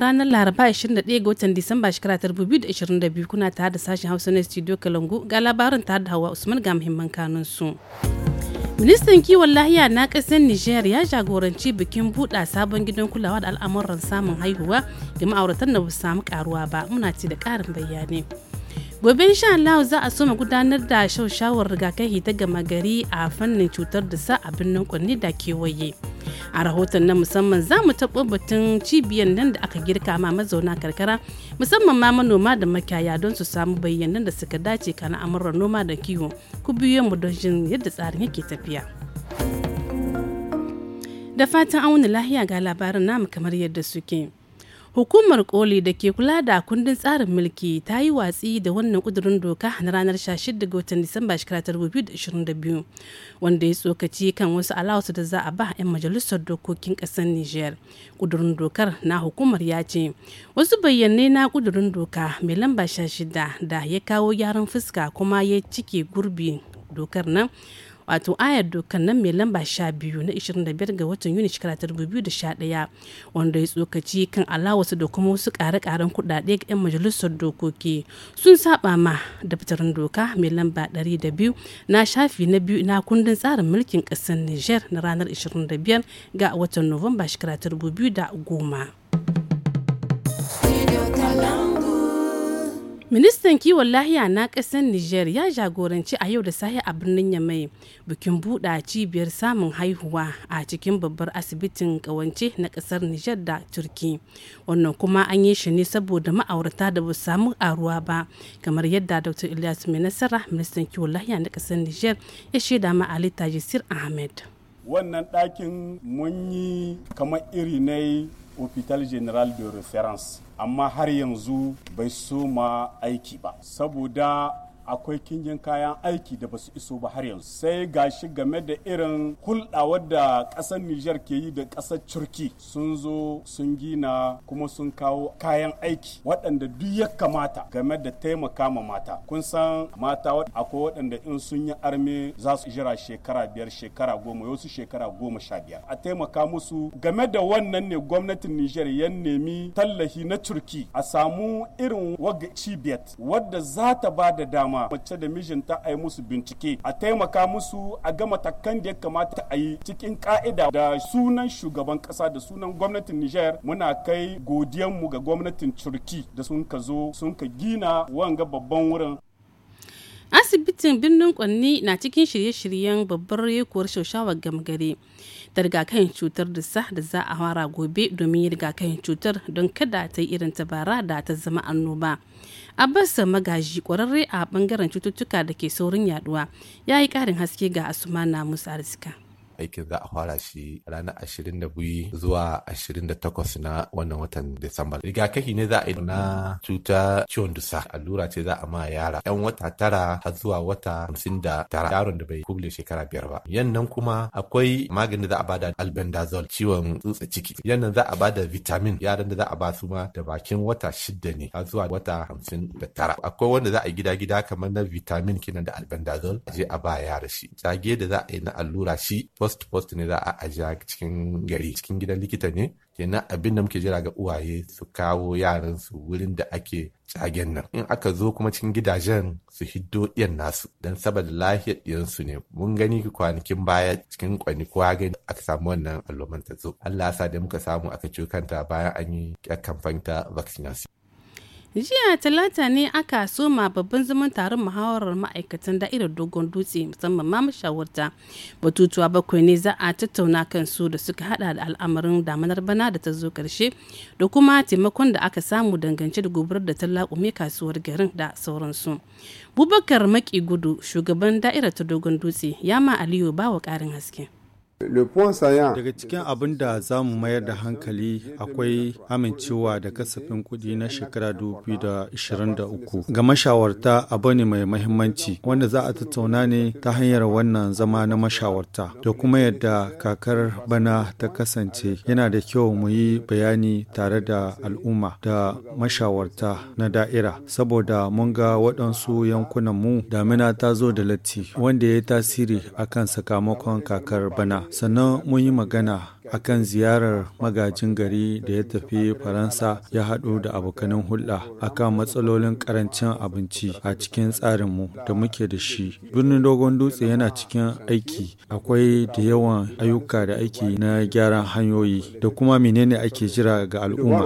ranar Laraba 21 ga watan Disamba shekara 2022 kuna tare da sashen Hausa na Studio Kalangu ga labarin tare da Hawa Usman ga muhimman kanun su. Ministan kiwon lahiya na ƙasar niger ya jagoranci bikin buɗa sabon gidan kulawa da al'amuran samun haihuwa ga ma'auratan da ba samu karuwa ba muna ci da ƙarin bayani. gobe insha Allah za a soma gudanar da shaushawar rigakafi ta gama gari a fannin cutar da sa a birnin kunne da kewaye. a rahoton na musamman za mu taɓo batun cibiyar nan da aka girka ma mazauna karkara musamman ma manoma da makiyaya don su samu bayyanan da suka dace kana amurar noma da kiwo ku biyo mu don jin yadda tsarin yake tafiya da fatan auna lahiya ga labarin namu kamar yadda suke Hukumar koli da ke kula da kundin tsarin mulki ta yi watsi da wannan kudurin doka na ranar 16 ga watan Disamba 2022 wanda ya tsokaci kan wasu alawasu da za a ba 'yan majalisar dokokin ƙasar Nijar. Kudurin dokar na hukumar ya ce wasu bayyanai na kudurin doka mai lamba 16 da ya kawo gyaran fuska kuma ya cike gurbi dokar nan wato ayar dokan nan mai lamba sha biyu na 25 ga watan yuni shekara ta 2011 wanda ya tsokaci kan alawasu da kuma wasu kare-karen kuɗaɗe ga 'yan majalisar dokoki sun saba ma da fitarin doka mai lamba 200 na shafi na biyu na kundin tsarin mulkin ƙasar niger na ranar 25 ga watan nuwamba shekara ta 2010 Ministan kiwon lahiya na ƙasar Nijar ya jagoranci a yau da sahi a birnin Yamai bikin buɗa cibiyar samun haihuwa a cikin babbar asibitin ƙawance na ƙasar Nijar da Turki. Wannan kuma an yi shi ne saboda ma'aurata da ba samu aruwa ba kamar yadda Dr. Ilyas Mai Nasara ministan kiwon lahiya na ƙasar Nijar ya shaida ma Ali Tajisir Ahmed. Wannan ɗakin mun yi kamar iri na Hôpital général de référence. amma har yanzu Aikiba. akwai kingin kayan aiki da basu iso ba har yanzu sai gashi game da irin hulɗa wadda ƙasar Nijar ke yi da ƙasar Turki sun zo sun gina kuma sun kawo kayan aiki waɗanda duk ya kamata game da taimaka ma mata kun san mata akwai waɗanda in sun yi arme za su jira shekara biyar shekara goma wasu shekara goma sha biyar a taimaka musu game da wannan ne gwamnatin Nijar ya nemi tallahi na Turki a samu irin waga biyat. wadda za ta ba da dama mace da mijinta a yi musu bincike a taimaka musu a gama takan da ya kamata a yi cikin ka'ida da sunan shugaban kasa da sunan gwamnatin nijar muna kai godiyanmu ga gwamnatin Turki da sun ka zo sun ka gina wanga babban wurin asibitin birnin kwanni na cikin shirye-shiryen babbar yekuwar shaushawar gamgare da rigakafin cutar sa da za a fara gobe domin rigakafin cutar don kada ta yi irin tabara da ta zama annoba a abbasa magaji kwararre a bangaren cututtuka da ke saurin yaduwa ya yi karin haske ga asuma na musa arzika aikin za a fara shi ranar ashirin da biyu zuwa ashirin da takwas na wannan watan Disamba. Rigakafi ne za a yi na cuta ciwon dusa allura ce za a ma yara yan wata tara har zuwa wata hamsin da tara yaron da bai kubule shekara biyar ba. Yannan kuma akwai magani za a bada albendazole ciwon tsutsa ciki. Yannan za a bada vitamin yaran da za a ba su ma da bakin wata shida ne har zuwa wata hamsin da tara. Akwai wanda za a yi gida-gida kamar na vitamin kinan da albendazole a je a ba yara shi. Tsage da za a yi na allura shi post post ne za a ajiya cikin gari cikin gidan likita ne kenan abin da muke jira ga uwaye su kawo yaran su wurin da ake cagen nan in aka zo kuma cikin gidajen su hiddo ɗiyan nasu don saboda lafiyar ɗiyan su ne mun gani kwanakin baya cikin kwani kowa gani aka samu wannan alloman ta zo Allah ya sa da muka samu aka ciwo kanta bayan an yi kamfanta vaccination jiya talata ne aka soma babban zaman taron muhawarar ma'aikatan da'irar dogon dutse musamman ma mashawarta batutuwa bakwai ne za a tattauna su da suka hada da al'amarin damanar bana da ta zo karshe da kuma taimakon da aka samu dangance da gobarar da ta laƙume kasuwar garin da sauransu bubakar maki gudu shugaban da'irar ta dogon dutse ya ma aliyu bawa ƙarin haske Daga cikin abin da za mu mayar da hankali akwai amincewa da kasafin kuɗi na shekara 2023 ga mashawarta abu ne mai mahimmanci wanda za a tattauna ne ta hanyar wannan zama na mashawarta da kuma yadda kakar bana ta kasance yana da kyau mu yi bayani tare da al'umma da mashawarta na da'ira saboda mun ga waɗansu yankunan mu damina ta zo da latti wanda ya yi tasiri akan sakamakon kakar bana sannan mun yi magana akan ziyarar magajin gari da ya tafi faransa ya haɗu da abokanan hulɗa akan matsalolin karancin abinci a cikin tsarinmu da muke da shi birnin dogon dutse yana cikin aiki akwai da yawan ayyuka da ake na gyaran hanyoyi da kuma menene ake jira ga al'umma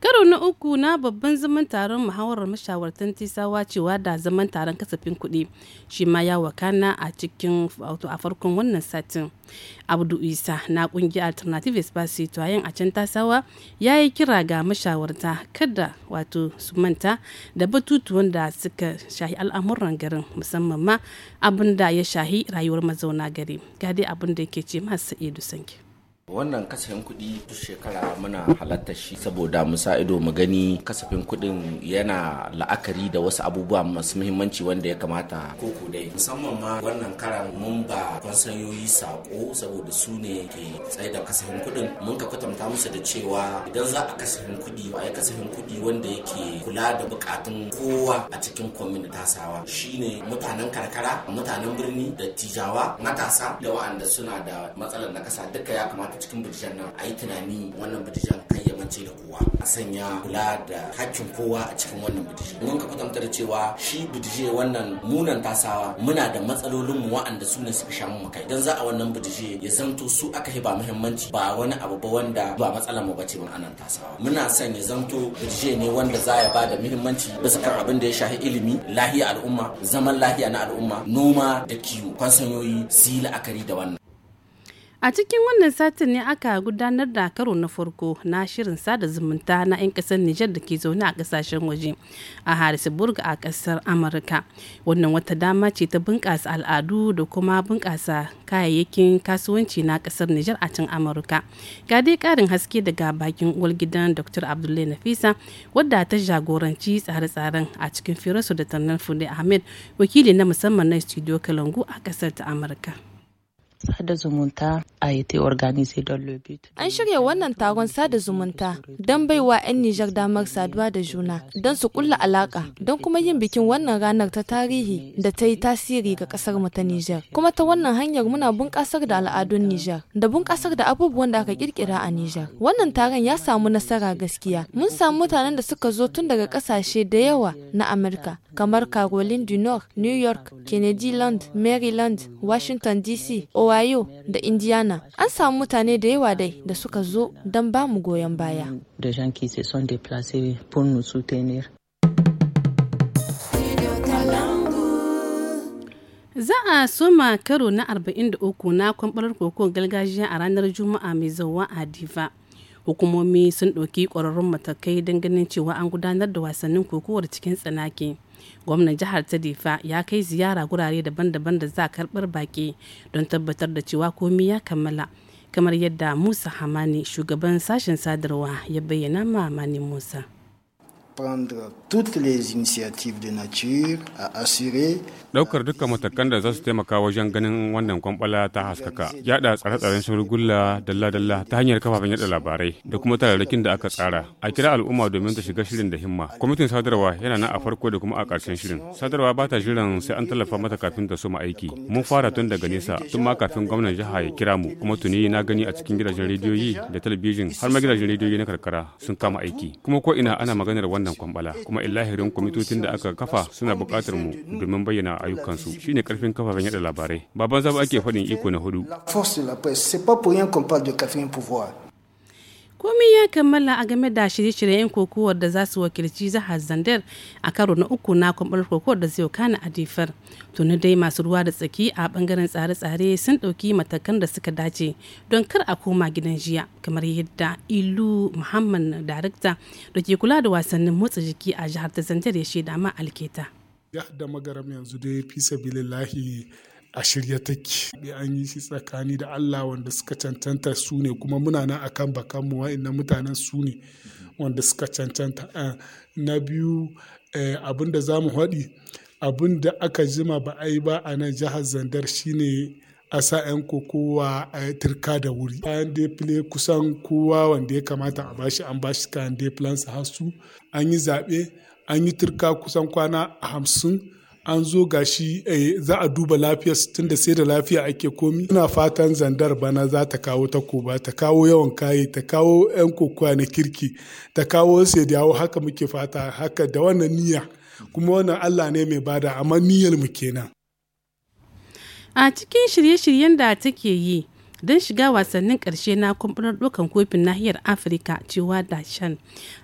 Karo na uku na babban zaman taron muhawarar mashawartan tisawa cewa da zaman taron kasafin kuɗi shi ma ya wakana a cikin wato a farkon wannan satin. Abdu Isa na ƙungiyar Alternative Espace Citoyen a can tasawa ya yi kira ga mashawarta kada wato su manta da batutuwan da suka shahi al'amuran garin musamman ma abin da ya shahi rayuwar mazauna gari. Ga dai abin da yake ce masu Sa'idu Sanki. wannan kasafin kuɗi duk shekara muna halatta shi saboda mu sa ido mu gani kasafin kuɗin yana la'akari da wasu abubuwa masu muhimmanci wanda ya kamata koko dai musamman ma wannan karan mun ba kwansayoyi sako saboda su ne ke tsaye da kasafin kuɗin mun ka kwatanta musu da cewa idan za a kasafin kuɗi ba ya kasafin kuɗi wanda yake kula da bukatun kowa a cikin kwamin tasawa shine mutanen karkara mutanen birni da tijawa matasa da wa'anda suna da matsalar na nakasa duka ya kamata a cikin bidijan nan a yi tunani wannan bidijan kan ya da kowa a sanya kula da hakkin kowa a cikin wannan budije mun ka kwatanta cewa shi budije wannan munan tasawa muna da matsalolin mu wa'anda su ne suka shamu mu kai dan za a wannan budije ya zanto su aka hiba muhimmanci ba wani abu ba wanda ba matsalar mu bace mun anan tasawa muna son ya zanto budije ne wanda za ya bada muhimmanci bisa kan abin da ya shafi ilimi lahiya al'umma zaman lahiya na al'umma noma da kiwo kwansanyoyi su yi la'akari da wannan A cikin wannan satin ne aka gudanar da karo na farko na shirin sada zumunta na 'yan ƙasar Nijar da ke zaune a kasashen waje a Harrisburg a ƙasar Amurka. Wannan wata dama ce ta bunƙasa al'adu da kuma bunƙasa kayayyakin kasuwanci na ƙasar Nijar a can Amurka. Ga dai ƙarin haske daga bakin uwar gidan Dr. Abdullahi Nafisa wadda ta jagoranci tsare-tsaren a cikin firarsu da Tannan Fude Ahmed wakili na musamman na Studio Kalangu a kasar ta Amurka. sada zumunta a yi organize don An shirya wannan taron sada zumunta don baiwa 'yan Nijar damar saduwa da juna don su kulla alaka don kuma yin bikin wannan ranar ta tarihi da ta yi tasiri ga kasar mu ta Nijar. Kuma ta wannan hanyar muna bunƙasar da al'adun Nijar da bunƙasar da abubuwan da aka kirkira a Nijar. Wannan taron ya samu nasara gaskiya. Mun samu mutanen da suka zo tun daga ƙasashe da yawa na Amurka, kamar Caroline du Nord, New York, Kennedy Land, Maryland, Washington DC, Ohio da Indiana. An samu mutane da yawa dai da suka zo don ba mu goyon baya. Za a soma karo na 43 na kwamfarar kokon gargajiya a ranar Juma'a mai zauwa a Diva. Hukumomi sun ɗauki ƙwararrun matakai don ganin cewa an gudanar da wasannin kokowar cikin tsanaki. gwamnan jihar ta difa ya kai ziyara gurare daban-daban da za karbar baki don tabbatar da cewa komi ya kammala kamar yadda musa hamani shugaban sashen sadarwa ya bayyana ma musa prendre toutes les initiatives de nature à assurer daukar dukkan matakan da za su taimaka wajen ganin wannan kwamfala ta haskaka yada tsare-tsaren shirgulla dalla-dalla ta hanyar kafafen yada labarai da kuma tararrakin da aka tsara a kira al'umma domin ta shiga shirin da himma kwamitin sadarwa yana nan a farko da kuma a ƙarshen shirin sadarwa ba ta jiran sai an tallafa mata kafin ta soma aiki mun fara tun daga nesa tun ma kafin gwamnan jiha ya kira mu kuma tuni na gani a cikin gidajen rediyoyi da talabijin har ma gidajen rediyoyi na karkara sun kama aiki kuma ko ina ana maganar wannan wannan kwambala kuma illahirin kwamitocin da aka kafa suna bukatar mu domin bayyana ayyukansu shine karfin kafafen yada labarai baban zaba ake faɗin iko na hudu komai ya kammala a game da shirye-shiryen kokowar da za su wakilci jihar zandar a karo na uku na kwamfanar kokowar da zai kana a difar tuni dai masu ruwa da tsaki a bangaren tsare-tsare sun ɗauki matakan da suka dace don kar a koma gidan jiya kamar yadda ilu muhammad darakta da ke kula da wasannin motsa jiki a jihar ta zandar ya shaida ma alketa da magaram yanzu dai fi a shirya take an yi shi tsakani da Allah wanda suka cancanta su ne kuma muna nan akan mu wa'annan mutanen su ne wanda suka cancanta na biyu eh, abin da zamu haɗi abin da aka jima ba a yi ba a nan jihar zandar shine a sa 'yan kokowa a turka da wuri kayan defile kusan kowa wanda ya kamata a bashi an bashi kayan defilansa hasu an yi zaɓe an yi turka kusan kwana hamsin an zo ga shi eh, za a duba lafiya tun da sai da lafiya ake komi ina fatan zandar bana za ta kawo takoba ta kawo yawan kaye ta kawo yan kokowa na kirki ta kawo sai yawo haka muke fata haka da wannan niyya kuma wannan allah ne mai bada amma niyyar mu kenan a cikin shirye-shiryen da take yi don shiga wasannin ƙarshe na kumfurar ɗaukan kofin nahiyar afirka cewa da shan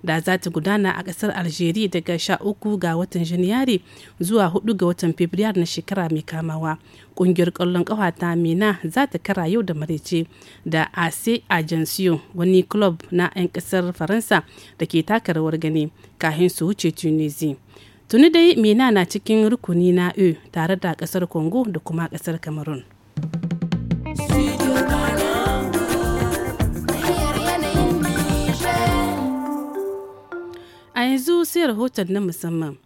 da za ta gudana a ƙasar algeria daga sha uku ga watan janairu zuwa 4 ga watan fabrairu na shekara mai kamawa ƙungiyar kwallon ƙawata ta mina za ta kara yau da marece da ac agencio wani club na 'yan ƙasar faransa da ke taka rawar gani kahin su wuce tunisia tuni dai mina na cikin rukuni na e tare da ƙasar congo da kuma ƙasar cameroon A yanzu sai rahoton na musamman.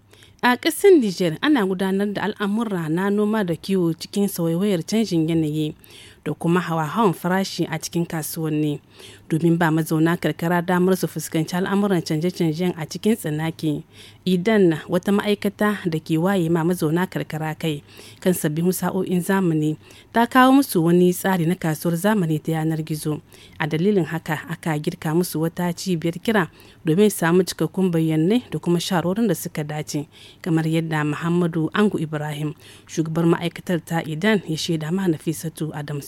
A ƙasar Nijar ana gudanar da al'amurra na noma da kiwo cikin sawaiwayar canjin yanayi. da kuma hawa-hawan farashi a cikin kasuwanni domin ba mazauna karkara damar su fuskanci al'amuran canje-canjen a cikin tsanaki idan wata ma'aikata da ke waye ma mazauna karkara kai kan sabbin sa'o'in zamani ta kawo musu wani tsari na kasuwar zamani ta yanar gizo a dalilin haka aka girka musu wata cibiyar kira domin samu cikakkun bayanai da kuma sharorin da suka dace kamar yadda muhammadu angu ibrahim shugabar ma'aikatar ta idan ya shaida ma nafisatu adam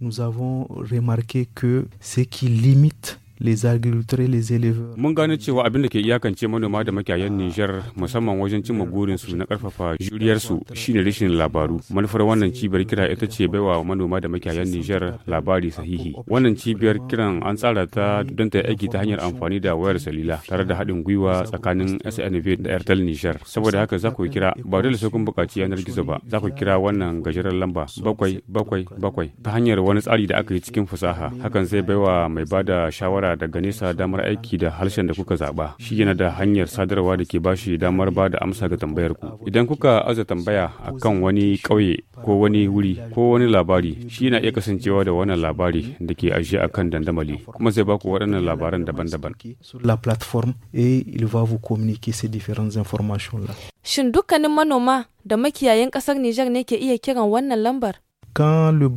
Nous avons remarqué que ce qui limite les agriculteurs les éleveurs mun gano cewa abin da ke iyakance manoma da makiyayan Niger musamman wajen cimma burin su na karfafa juriyar su shine rashin labaru manufar wannan cibiyar kira ita ce baiwa manoma da makiyayan Niger labari sahihi wannan cibiyar kiran an tsara ta don ta aiki ta hanyar amfani da wayar salila tare da haɗin gwiwa tsakanin SNV da Airtel Niger saboda haka za ku kira ba dole sai kun buƙaci yanar gizo ba za ku kira wannan gajeren lamba bakwai bakwai bakwai ta hanyar wani tsari da aka yi cikin fasaha hakan zai baiwa mai bada shawara daga nesa damar aiki da harshen da kuka zaba Shi yana da hanyar sadarwa da ke ba shi damar ba da amsa ga tambayar ku. Idan kuka aza tambaya akan wani ƙauye ko wani wuri ko wani labari, shi yana iya kasancewa da wannan labari da ke ajiye a kan dandamali, kuma zai baku waɗannan labaran daban-daban. Shin dukkanin manoma da makiyayin ƙasar Nijar ne ke iya kiran wannan lambar? Quand le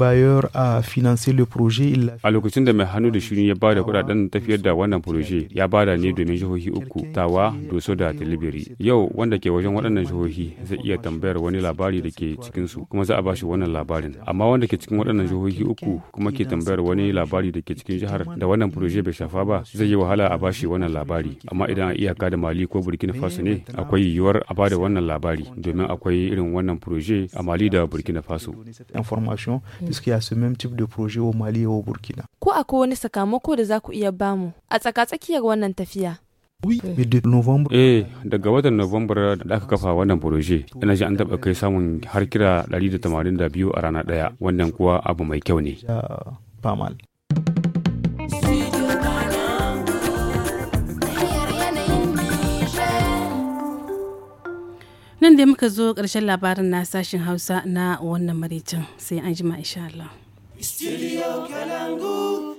a financé le projet, il a... lokacin da mai hannu da shirin ya ba da dan tafiyar da wannan proje ya ba da ne domin jihohi uku, Tawa, Doso da Tilibiri. Yau wanda ke wajen waɗannan jihohi zai iya tambayar wani labari da ke cikinsu kuma za a ba shi wannan labarin. Amma wanda ke cikin waɗannan jihohi uku kuma ke tambayar wani labari da ke cikin jihar da wannan proje bai shafa ba zai yi wahala a ba shi wannan labari. Amma idan a iyaka da Mali ko Burkina Faso ne akwai yiwuwar a ba da wannan labari domin akwai irin wannan proje a Mali da Burkina Faso. formation mm. puisqu'il y a ce même type de projet au Mali et au Burkina. Ko akwai wani sakamako da za ku iya bamu a tsakatsakiyar wannan tafiya? Eh. eh, daga watan Nuwambar da aka kafa wannan proje, ina ji an taɓa kai samun har kira 182 a rana ɗaya, wannan kuwa abu mai kyau ne. Famal. nan da muka zo ƙarshen labarin na sashen hausa na wannan maraicin sai an jima insha Allah.